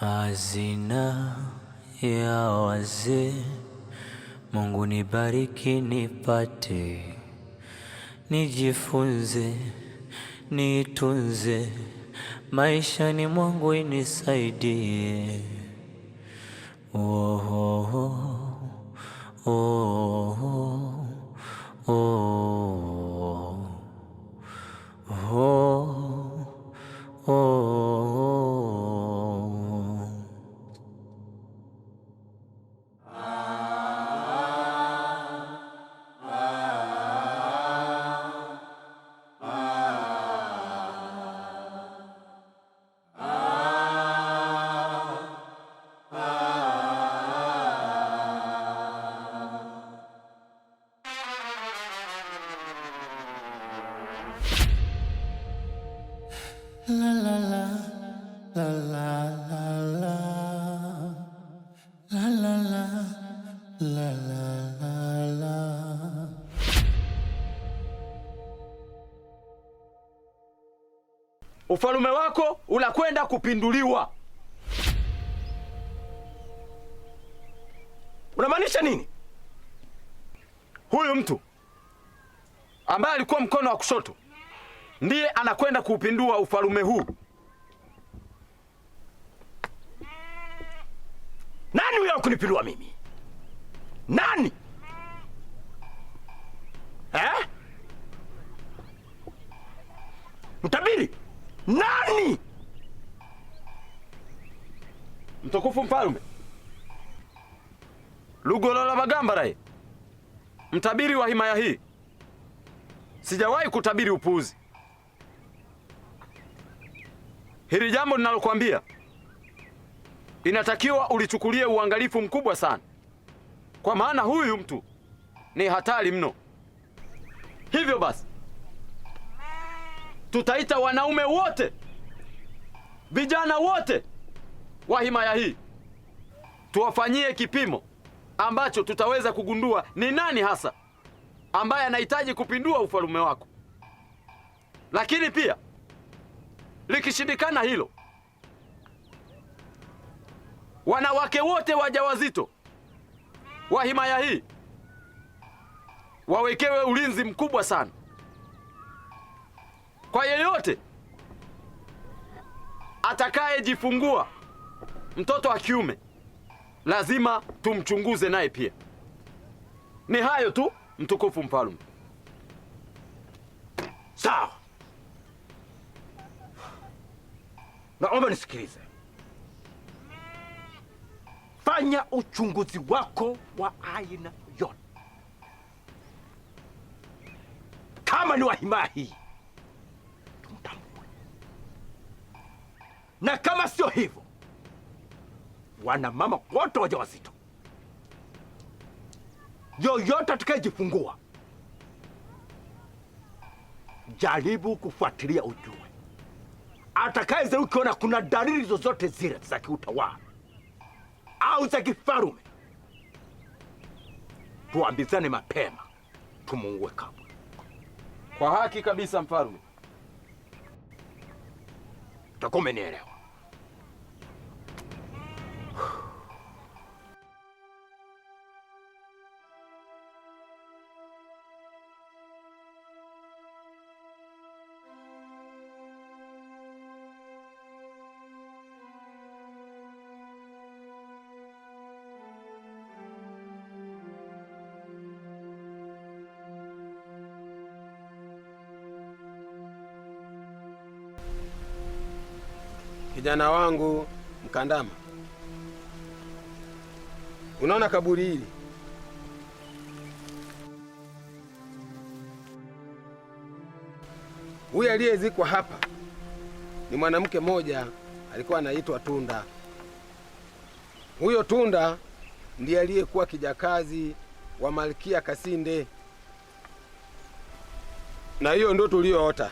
Hazina ya wazee, Mungu nibariki, nipate, nijifunze, niitunze, ni mwangu inisaidie. oh, oh, oh. oh, oh, oh. ufalume wako unakwenda kupinduliwa. Unamaanisha nini? Huyu mtu ambaye alikuwa mkono wa kushoto ndiye anakwenda kuupindua ufalume huu. Nani huyo kunipindua mimi? Nani eh? Mtabiri nani? Mtukufu mfalme Lugolola Magambaraye, mtabiri wa himaya hii, sijawahi kutabiri upuuzi. Hili jambo ninalokuambia inatakiwa ulichukulie uangalifu mkubwa sana, kwa maana huyu mtu ni hatari mno. Hivyo basi tutaita wanaume wote, vijana wote wa himaya hii, tuwafanyie kipimo ambacho tutaweza kugundua ni nani hasa ambaye anahitaji kupindua ufalume wako. Lakini pia likishindikana hilo, wanawake wote wajawazito wa himaya hii wawekewe ulinzi mkubwa sana kwa yeyote atakayejifungua mtoto wa kiume lazima tumchunguze naye pia. Ni hayo tu, mtukufu mfalme. Sawa, naomba nisikilize. Fanya uchunguzi wako wa aina yote, kama ni wa himaya hii na kama sio hivyo, wanamama wote wajawazito, yoyote atakayejifungua, jaribu kufuatilia ujue, atakayezaliwa ukiona kuna dalili zozote zile za kiutawala au za kifarume, tuambizane mapema, tumuue kabla. Kwa haki kabisa, mfarume. Utakuwa umenielewa. kijana wangu Mkandama, unaona kaburi hili Huyu aliyezikwa hapa ni mwanamke mmoja alikuwa anaitwa Tunda. Huyo Tunda ndiye aliyekuwa kijakazi wa Malkia Kasinde, na hiyo ndo tuliyoota.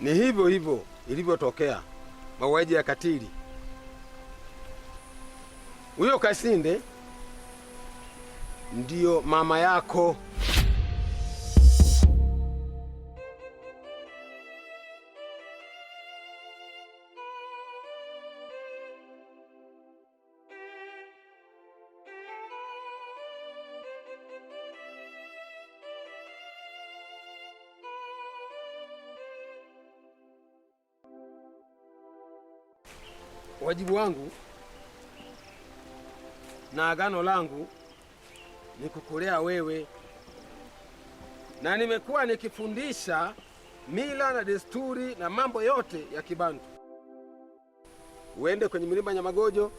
Ni hivyo hivyo ilivyotokea mauaji ya katili. Huyo Kasinde ndiyo mama yako. Wajibu wangu na agano langu ni kukulea wewe, na nimekuwa nikifundisha mila na desturi na mambo yote ya Kibantu. Uende kwenye mlima Nyamagojo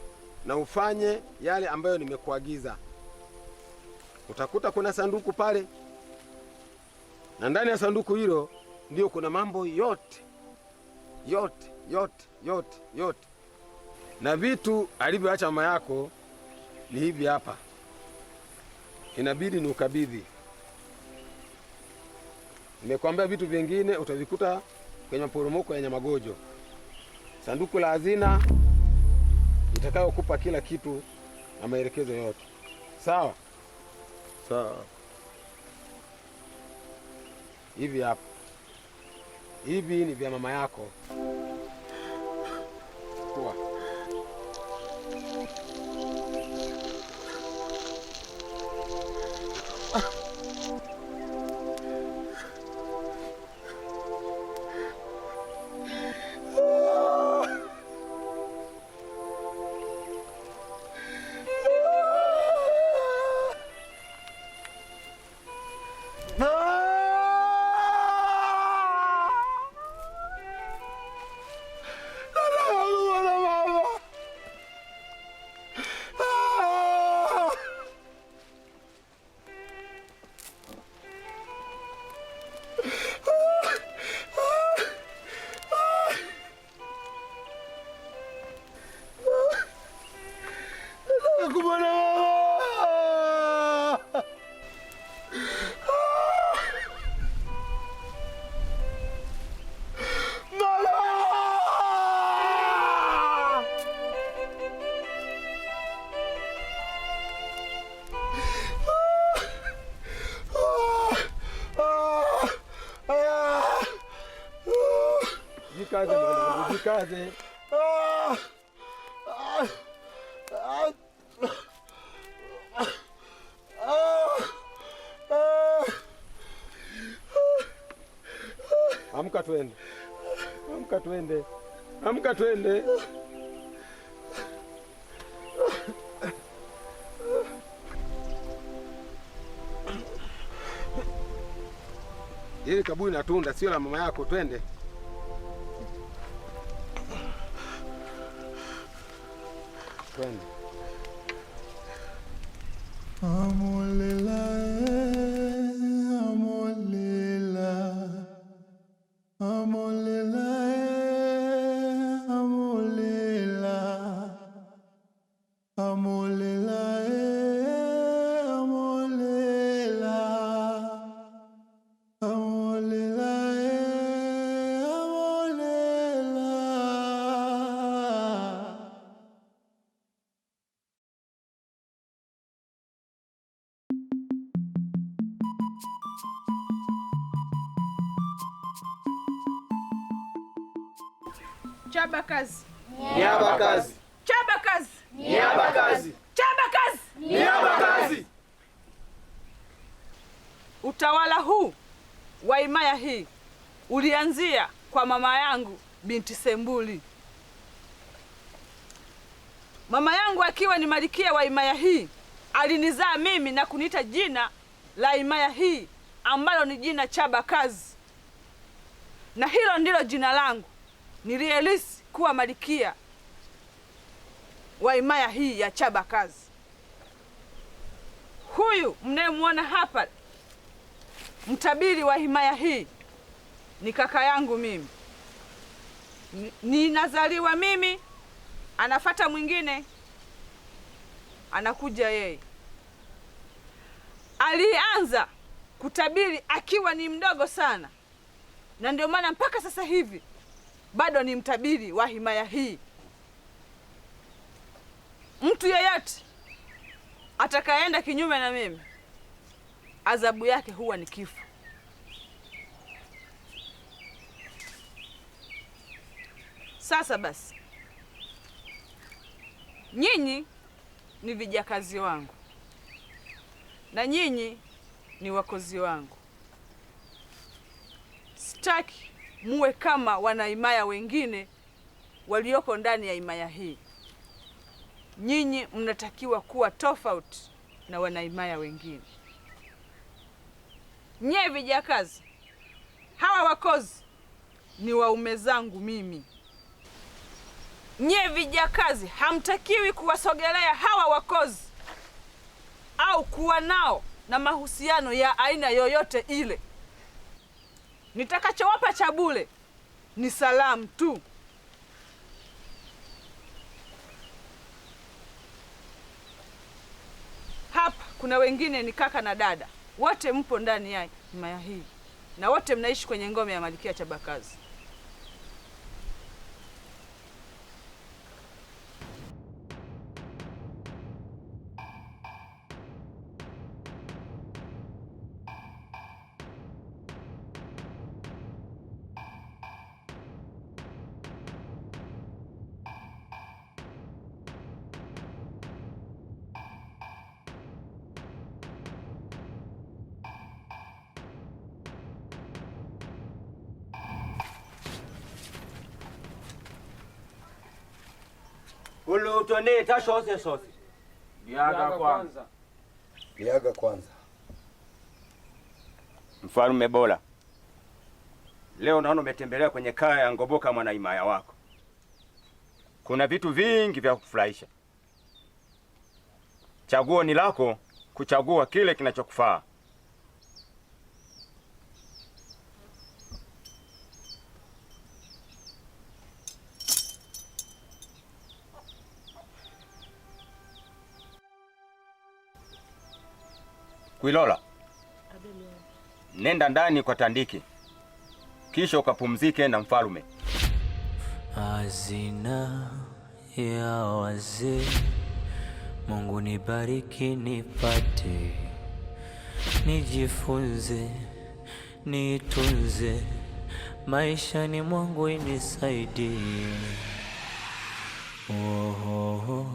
na ufanye yale ambayo nimekuagiza. Utakuta kuna sanduku pale, na ndani ya sanduku hilo ndiyo kuna mambo yote yote yote yote yote na vitu alivyoacha mama yako ni hivi hapa, inabidi ni ukabidhi Nimekwambia vitu vingine utavikuta kwenye maporomoko ya Nyamagojo. Sanduku la hazina nitakayokupa kila kitu na maelekezo yote, sawa sawa. Hivi hapa, hivi ni vya mama yako. Mkaze. Ah! Amka twende, amka twende, amka twende. Hili kaburi na tunda sio la mama yako, twende. friend. Chaba kazi. Niaba kazi. Chaba kazi. Niaba kazi. Chaba kazi. Niaba kazi. Utawala huu wa himaya hii ulianzia kwa mama yangu binti Sembuli. Mama yangu akiwa ni malikia wa himaya hii alinizaa mimi na kuniita jina la himaya hii ambalo ni jina Chaba kazi, na hilo ndilo jina langu nilielisi kuwa malikia wa imaya hii ya Chabakazi. Huyu mnayemwona hapa, mtabiri wa himaya hii ni kaka yangu mimi. Ninazaliwa mimi, anafata mwingine, anakuja yeye. Alianza kutabiri akiwa ni mdogo sana, na ndio maana mpaka sasa hivi bado ni mtabiri wa himaya hii. Mtu yeyote atakayeenda kinyume na mimi, adhabu yake huwa ni kifo. Sasa basi, nyinyi ni vijakazi wangu na nyinyi ni wakozi wangu. Sitaki muwe kama wanaimaya wengine walioko ndani ya imaya hii. Nyinyi mnatakiwa kuwa tofauti na wanaimaya wengine. Nye vijakazi, hawa wakozi ni waume zangu mimi. nye vijakazi, hamtakiwi kuwasogelea hawa wakozi au kuwa nao na mahusiano ya aina yoyote ile nitakachowapa cha bure ni salamu tu. Hapa kuna wengine ni kaka na dada, wote mpo ndani ya himaya hii na wote mnaishi kwenye ngome ya Malkia Chabakazi. ulutoneta shose shose biaga kwanza, biaga kwanza. Mfalme bora, leo naona umetembelea kwenye kaya ya Ngoboka mwanaimaya wako. Kuna vitu vingi vya kufurahisha. Chaguo ni lako kuchagua kile kinachokufaa. Kwilola, nenda ndani kwa Tandiki, kisha ukapumzike na mfalume. Hazina ya wazee, Mungu nibariki, nipate, nijifunze, niitunze, maishani mwangu inisaidie. oh, oh, oh,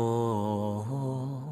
oh. oh, oh.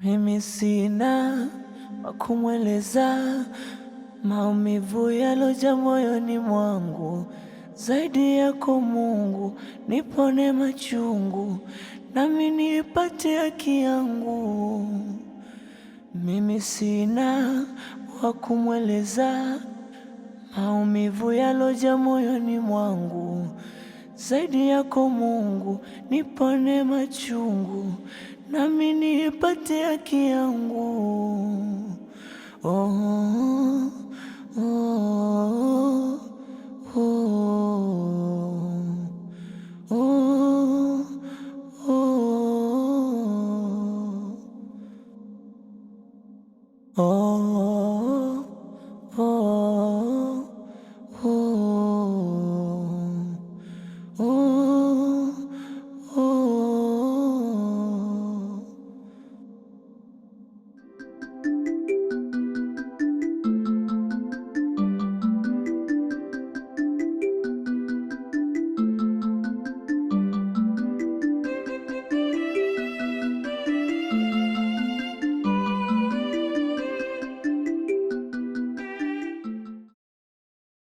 Mimi sina wa kumweleza maumivu yaloja moyoni mwangu, zaidi yako Mungu, nipone machungu, nami nipate haki yangu. Mimi sina wa kumweleza maumivu yaloja moyoni mwangu, zaidi yako Mungu, nipone machungu, nami nipate haki yangu. Oh, oh, oh, oh. oh.